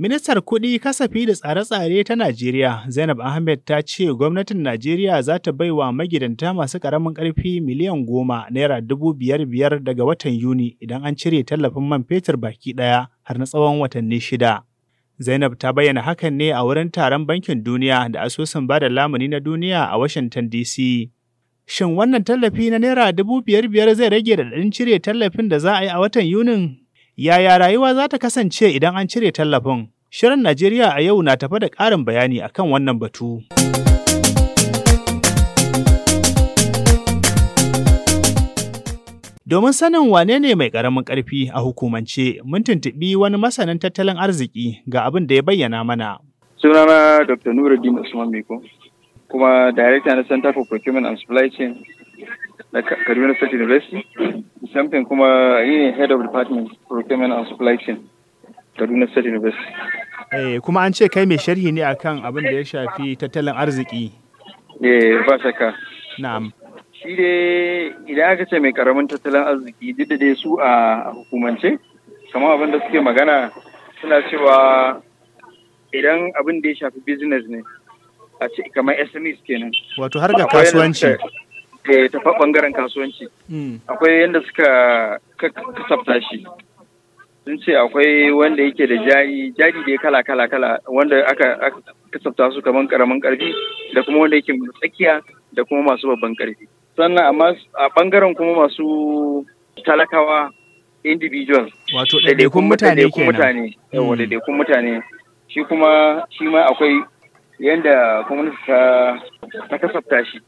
Ministar Kuɗi, Kasafi da Tsare-tsare ta Najeriya, Zainab Ahmed ta ce gwamnatin Najeriya za ta bai wa magidanta masu ƙaramin ƙarfi miliyan goma naira dubu biyar biyar daga watan Yuni idan an cire tallafin man fetur baki ɗaya har na tsawon watanni shida. Zainab ta bayyana hakan ne a wurin taron Bankin Duniya da asusun ba da lamuni na duniya a Washington DC. Shin wannan tallafi na naira dubu biyar biyar zai rage da cire tallafin da za a yi a watan Yunin Yaya rayuwa za ta kasance idan an cire tallafin? Shirin Najeriya a yau na tafa da ƙarin bayani akan wannan batu. Domin sanin wane ne mai ƙaramin ƙarfi a hukumance, mun tuntuɓi wani masanin tattalin arziki ga abin da ya bayyana mana. Sunana Dr. Nuruddin Usman Miko, kuma Director na Center for Procurement and Supply Chain na Kaduna State University. Samfin kuma yi ne Head of Department Procurement and Supply Chain Kaduna State University. Eh, kuma an ce kai mai sharhi ne akan abin da ya shafi tattalin arziki. Eh, ba shakka. Na'am. Shi dai idan aka ce mai karamin tattalin arziki duk da dai su a hukumance, kamar abin da suke magana suna cewa idan abin da ya shafi business ne, a ce kamar SMEs kenan. Wato har ga kasuwanci. eh ta bangaren kasuwanci hmm. akwai yadda suka kasafta shi sun ce akwai wanda yake da jari jari da kala kala kala wanda aka kasafta su kamar karamin karfi da kuma wanda yake tsakiya da kuma masu babban karfi sannan amma a bangaren kuma masu talakawa individual wato daidaikun mutane kenan mutane yawa hmm. mutane shi kuma shi ma akwai yanda gwamnati ta kasafta shi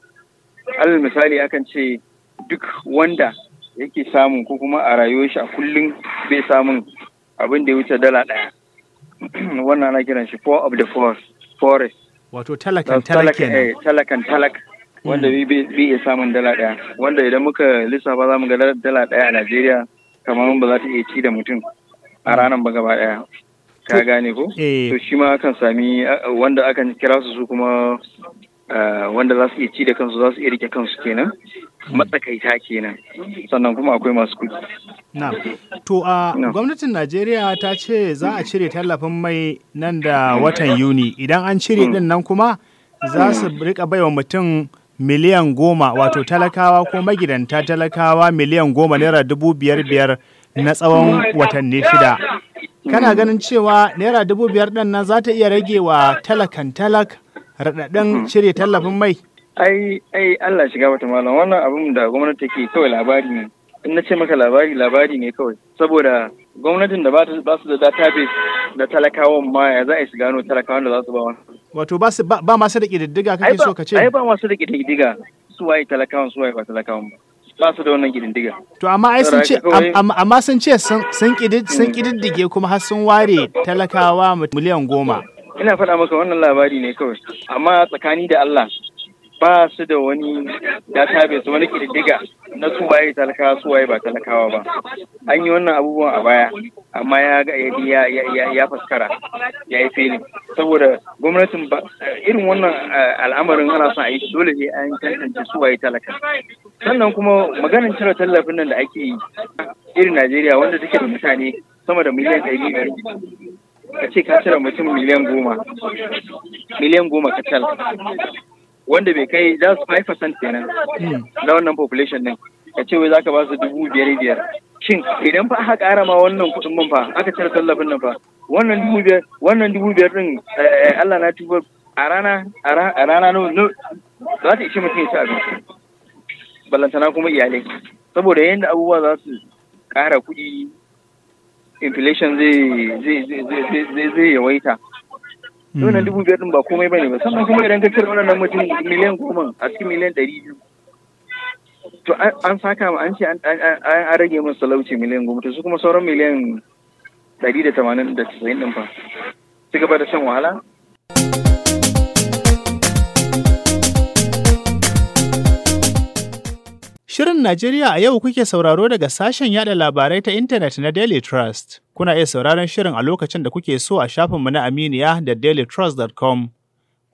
alal misali akan ce duk wanda yake samun ko kuma a rayuwar shi a kullum bai samun abin da ya wuce dala ɗaya wannan ana kiran shi four of the forest wato talakan eh, talakan talak wanda hmm. bai iya samun dala ɗaya wanda idan muka lissafa za mu ga dala ɗaya a najeriya kamar ba za ta iya ci da mutum a ranar ba gaba ɗaya ka gane ko eh. to shi ma akan sami wanda akan kira su su kuma Eh, wanda za su iya ci da kansu za su iya rike kansu kenan matsakaita kenan sannan kuma akwai masu kuɗi. na to a gwamnatin najeriya ta ce za a cire tallafin mai nan da watan yuni idan an cire mm. din nan kuma za su mm. rika baiwa mutum miliyan goma wato talakawa ko magidanta talakawa miliyan goma naira dubu biyar biyar na tsawon watanni shida kana mm. ganin cewa naira dubu biyar ɗin nan za ta iya rage wa talakan talak raɗaɗin shirya mm-hmm. tallafin mai? Ai, ai Allah shiga wata malam wannan abin da gwamnati ke kawai labari ne. In na ce maka labari, labari ne kawai. Saboda gwamnatin da ba su da database da talakawan ma ya za a yi su gano talakawan da za su ba wani. Wato ba masu da ƙididdiga kake so ka ce? Ai ba masu da ƙididdiga su waye talakawan su waye ba talakawan ba. ba su da wannan kididdiga. To amma ai sun ce amma sun ce sun kididdige mm. kuma har sun ware talakawa miliyan goma. ina faɗa maka wannan labari ne kawai amma tsakani da Allah ba su da wani su wani kididdiga na su waye talakawa su waye ba talakawa ba an yi wannan abubuwan a baya amma ya ga ya faskara ya yi fili saboda gwamnatin ba irin wannan eh, al'amarin ana son a yi dole ne an tantance su waye talaka sannan kuma maganin cire tallafin nan da ake yi irin Najeriya wanda take da mutane sama da miliyan ɗari biyar ka ce ka cire mutum miliyan goma miliyan goma ka cal wanda bai kai za su 5% kenan hmm. na wannan population din ka ce wai za ka ba su dubu biyar biyar shin idan fa aka ƙara ma wannan kuɗin man fa aka cire tallafin nan fa wannan dubu biyar wannan dubu biyar din eh, Allah na tuba a rana a rana no za ta ishe mutum ya ci abinci ballantana kuma iyalai saboda yadda abubuwa za su ƙara kuɗi inflation zai yawaita hmm. wannan dubu biyar din ba komai bane ba sannan kuma idan ka cire wannan mutum miliyan goma a cikin miliyan ɗari biyu to an saka ma an ce an rage min salauci miliyan goma to su kuma sauran miliyan ɗari da tamanin da casa'in ɗin fa su gaba da shan wahala Shirin Najeriya a yau kuke sauraro daga sashen yada labarai ta intanet na Daily Trust. Kuna iya sauraron shirin a lokacin da kuke so a shafinmu na Aminiya da dailytrust.com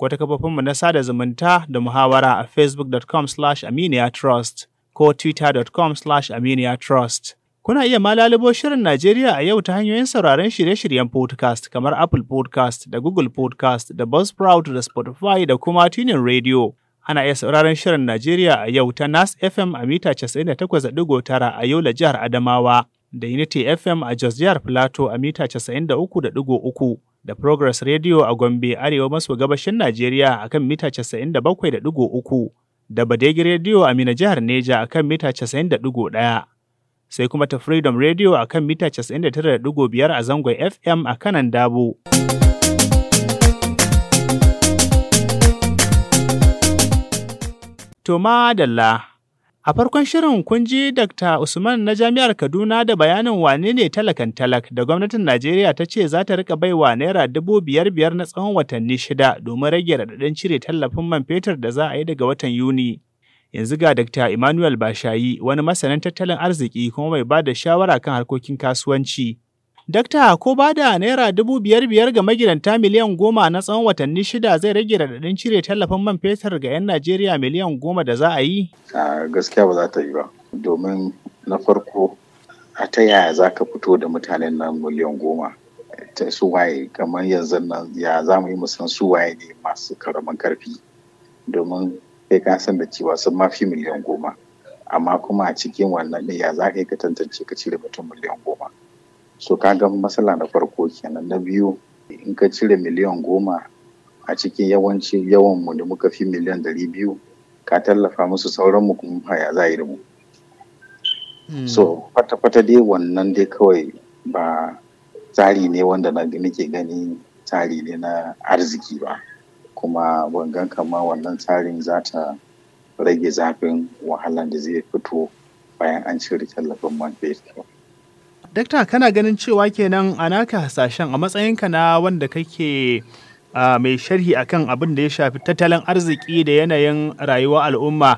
ko ta kafofinmu na sada zumunta da muhawara a facebook.com slash aminiyatrust ko twitter.com slash aminiyatrust. Kuna iya ma lalubo shirin Najeriya a yau ta hanyoyin sauraron shirye-shiryen podcast kamar Apple podcast da Google podcast da Buzzsprout da Spotify da kuma tunin Radio. Ana iya sauraron Shirin Najeriya a yau ta Nas FM a mita 98.9 a Yola jihar Adamawa da Unity FM a Jos jihar Filato a mita 93.3 da Progress Radio a Gombe arewa maso gabashin Najeriya a kan mita 97.3 da Badegi Radio a Mina jihar Neja a kan mita 90.1 sai kuma ta Freedom Radio a kan mita 99.5 a zangon FM a kanan Dabo. To madalla, a farkon shirin kun ji Dr. Usman na Jami'ar Kaduna da bayanin wane ne talakan talak da gwamnatin Najeriya ta ce za ta rika wa naira dubu biyar biyar na tsawon watanni shida domin rage raɗaɗin cire tallafin man fetur da za a yi daga watan Yuni. Yanzu ga Dr. Emmanuel Bashayi wani masanin tattalin arziki kuma mai ba da shawara kan harkokin kasuwanci. Dakta ko ba da naira dubu biyar biyar ga magidanta miliyan goma na tsawon watanni shida zai rage raɗaɗin cire tallafin man fetur ga 'yan Najeriya miliyan goma da za a yi? A gaskiya ba za ta yi ba domin na farko a ta yaya za ka fito da mutanen nan miliyan goma ta suwaye kamar yanzu nan ya za mu yi musan suwaye ne masu karamin karfi domin kai ka san da cewa sun mafi miliyan goma amma kuma a cikin wannan ne ya za ka yi ka tantance ka cire mutum miliyan goma. so ka ga matsala na farko kenan na biyu in ka cire miliyan goma a cikin yawanci yawan mu da muka fi miliyan ɗari biyu ka tallafa musu sauran mu kuma ya za mu hmm. so fata-fata dai wannan dai kawai ba tsari ne wanda na nake gani tsari ne na arziki ba kuma bangan kama wannan tsarin za ta rage zafin wahalan da zai fito bayan an cire tallafin man fetur dakta kana ganin cewa kenan a naka hasashen a matsayinka na wanda kake mai sharhi akan abin da ya shafi tattalin arziki da yanayin rayuwar al'umma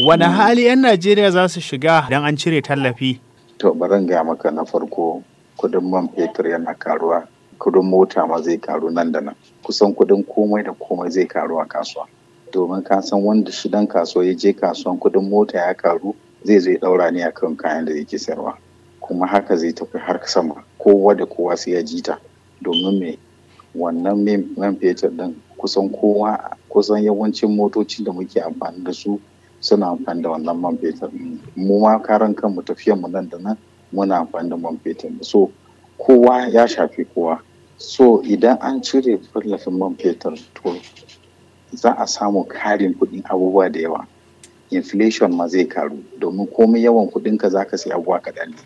wani mm. hali 'yan najeriya za su shiga don an cire tallafi to baran ga maka na farko kudin man fetur yana karuwa kudin mota ma zai karu nan da nan kusan kudin komai da komai zai karu a kasuwa domin ka san wanda shi dan kasuwa ya je kasuwan kudin mota ya karu zai zai daura ne akan kayan da yake sayarwa kuma haka zai tafi har sama kowa da kowa sai ya ji ta domin me wannan man fetur din kusan kowa kusan yawancin motocin da muke amfani da su suna amfani da wannan man fetur mu ma karan kanmu tafiyan mu nan da nan muna amfani da man fetur so kowa ya shafi kowa so idan an cire fallafin man fetur to za a samu karin kuɗin abubuwa da yawa inflation ma zai karu domin komai yawan kuɗinka za ka sai abuwa kaɗan ne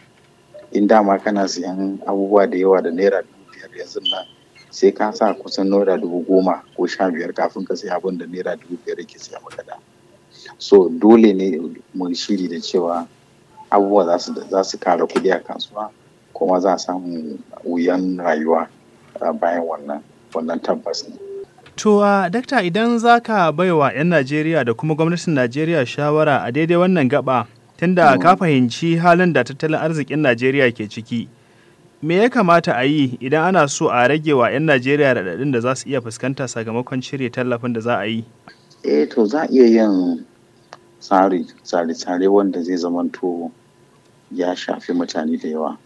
in dama kana siyan abubuwa da yawa da naira dubu biyar yanzu nan sai ka sa kusan naira dubu goma ko sha biyar kafin ka siya abin da naira dubu biyar yake siya maka da so dole ne mu shiri da cewa abubuwa za su kara kuɗi a kasuwa kuma za a samu wuyan rayuwa bayan wannan wannan tabbas ne To, a dakta idan za ka baiwa 'yan Najeriya da kuma gwamnatin Najeriya shawara a daidai wannan gaba tunda ka fahimci halin da tattalin arzikin Najeriya ke ciki. Me ya kamata a yi idan ana so a rage wa 'yan Najeriya raɗaɗin da za su iya fuskanta sakamakon cire tallafin da za a yi? Eh to za a iya yin tsare-tsare wanda zai zamanto ya shafi mutane da yawa.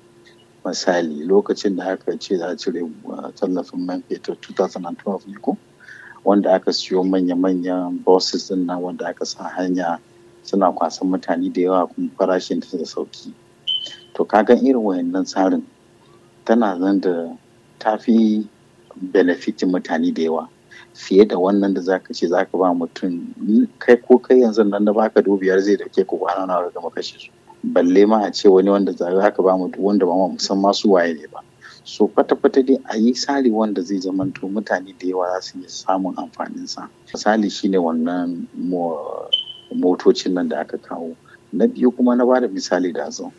Misali lokacin da aka ce za a cire uh, tallafin man fetur 2012 ne ko? Wanda aka siyo manya-manyan bosses din nan wanda aka sa hanya suna kwasan mutane da yawa kuma farashin ta da sauki to kagan irin wayannan tsarin tana zan da tafi benefitin mutane da yawa fiye da wannan da zaka ce zaka ba mutum kai ko kai yanzu nan da baka dubu biyar zai dauke ku kwana na daga makashe su balle ma a ce wani wanda zaka ba mu wanda ba mu san waye ne ba so kwata-kwata dai a yi tsari wanda zai zamanta mutane da yawa za su iya samun amfaninsa misali shine wannan motocin nan da aka kawo na biyu kuma na bada misali da zo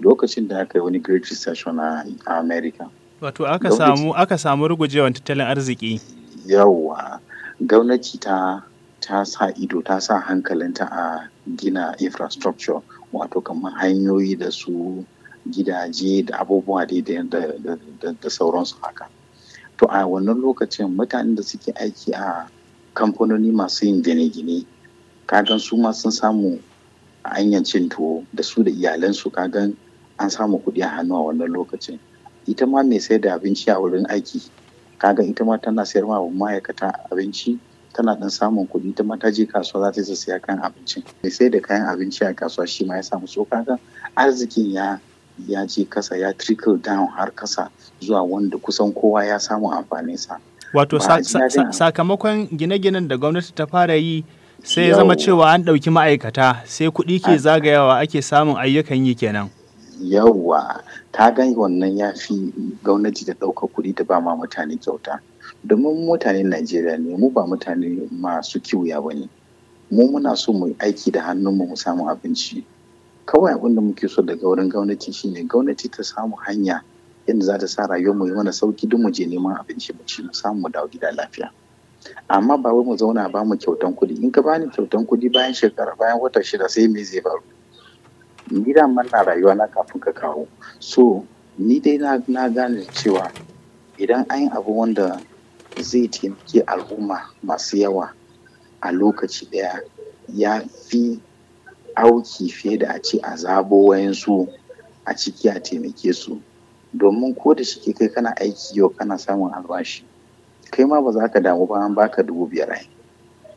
lokacin da aka yi wani great recession a america wato aka samu aka samu rugujewan tattalin arziki yawa gwamnati ta ta sa ido ta sa hankalinta a gina infrastructure wato kamar hanyoyi da su gidaje da abubuwa da sauransu haka to a wannan lokacin mutanen da suke aiki a kamfanoni masu yin gine-gine kagan su ma sun samu hanyar cin tuwo da su da iyalansu kagan an samu kuɗi a hannu a wannan lokacin ita ma mai sayar da abinci a wurin aiki kaga ita ma tana sayar ma ma'aikata abinci tana dan samun kuɗi ita ma ta je kasuwa za ta yi saya kayan abinci mai sayar da kayan abinci a kasuwa shi ma ya samu so kaga arzikin ya ya je kasa ya trickle down har kasa zuwa wanda kusan kowa ya samu amfaninsa wato sakamakon gine-ginen da gwamnati ta fara yi sai ya zama cewa an ɗauki ma'aikata sai kuɗi ke ah. zagayawa ake samun ayyukan yi kenan yawwa ta gan wannan ya fi gwamnati da ɗaukar kuɗi da ba ma mutane kyauta domin mutanen najeriya ne mu ba mutane masu kiwuya ba ne mu muna so mu aiki da hannun mu samu abinci kawai abin da muke so daga wurin gwamnati shine gwamnati ta samu hanya yadda za ta sa rayuwar mu mana sauki duk mu je neman abinci mu ci mu samu mu dawo gida lafiya amma ba wai mu zauna ba mu kyautan kudi, in ka bani kyautan kudi bayan shekara bayan wata shida sai me zai faru ni da na rayuwa na kafin ka kawo so ni dai na gane cewa idan an yi abu wanda zai taimaki al'umma masu yawa a lokaci ɗaya ya fi auki fiye da a ce a zabo wayansu a ciki a taimake su domin ko da shi kai kana aiki yau kana samun albashi kai ma ba za ka damu ba an baka dubu biyar ai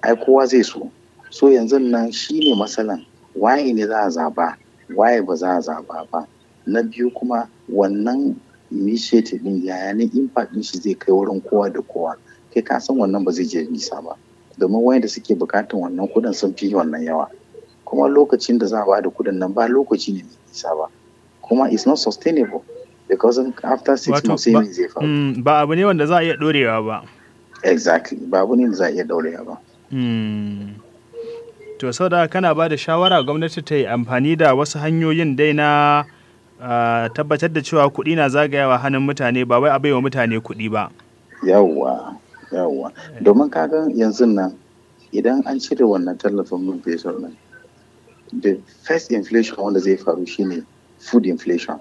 ai kowa zai so so yanzu nan shi ne matsalan waye ne za a zaba waye ba za a zaba ba na biyu kuma wannan initiative din yaya ne impact din shi zai kai wurin kowa da kowa kai ka san wannan ba zai je nisa ba domin da suke bukatan wannan kudin sun fi wannan yawa kuma lokacin da za a ba da kudin nan ba lokaci ne mai nisa ba kuma it's not sustainable because after six months saving zai faru mm, ba abu ne wanda za a iya dorewa ba exactly ba abu ne wanda za a iya dorewa ba mm. to sau da kana ba da shawara gwamnati ta yi amfani da wasu hanyoyin dai na tabbatar da cewa kuɗi na zagayawa hannun mutane ba wai a baiwa mutane kuɗi ba yawwa yawwa domin kagan yanzu nan idan an cire wannan tallafin mun fesar nan the first inflation wanda zai faru shine food inflation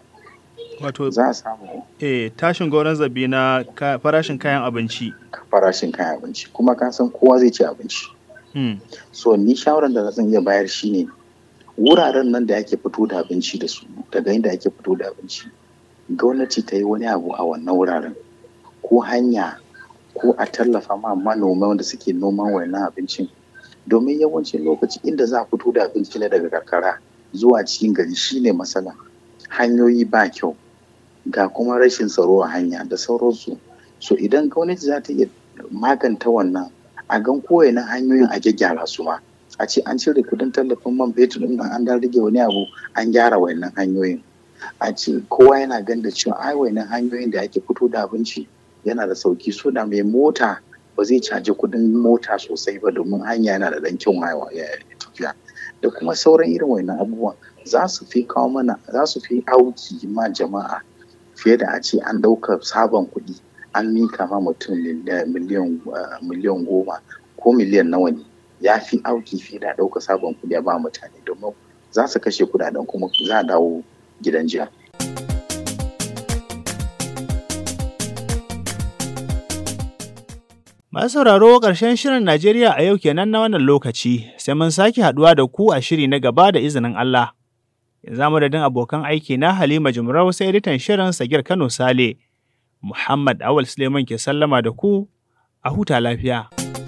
wato za a samu eh tashin gauran zabi na farashin kayan abinci farashin kayan abinci kuma ka san kowa zai ci abinci hmm. so ni shawaran da zan iya bayar shine wuraren nan da ake fito da abinci da su daga inda ake fito da abinci gwamnati ta yi wani abu a wannan wuraren ko hanya ko a tallafa ma manoma wanda suke noman wannan abincin domin yawancin lokaci inda za a fito da abinci ne daga karkara zuwa cikin gari shine matsala hanyoyi ba kyau ga kuma rashin tsaro a hanya da sauransu so idan gwamnati za ta iya maganta wannan a gan kowane hanyoyin a gyara su ma a ce an cire kudin tallafin man fetur din nan an dan rage wani abu an gyara wayannan hanyoyin a ce kowa yana gan da cewa ai wayannan hanyoyin da ake fito da abinci yana da sauki so da mai mota ba zai caji kudin mota sosai ba domin hanya yana da dan ya tafiya da kuma sauran irin wayannan abubuwan za su fi kawo mana za su fi auki ma jama'a fiye da a ce an ɗauka sabon kuɗi an mika ma mutum eh, eh, miliyan goma ko miliyan nawa ne ya fi auki fiye da ɗauka sabon kuɗi a ba mutane domin za su kashe kuɗaɗen kuma za a dawo gidan jiya. Masu sauraro ƙarshen shirin Najeriya a yau kenan na wannan lokaci, sai mun sake haɗuwa da ku a shiri na gaba da izinin Allah. za madadin abokan aiki na Halima Jumrau sai editan shirin Sagir Kano Sale. Muhammad Awal Suleiman ke sallama da ku a huta lafiya.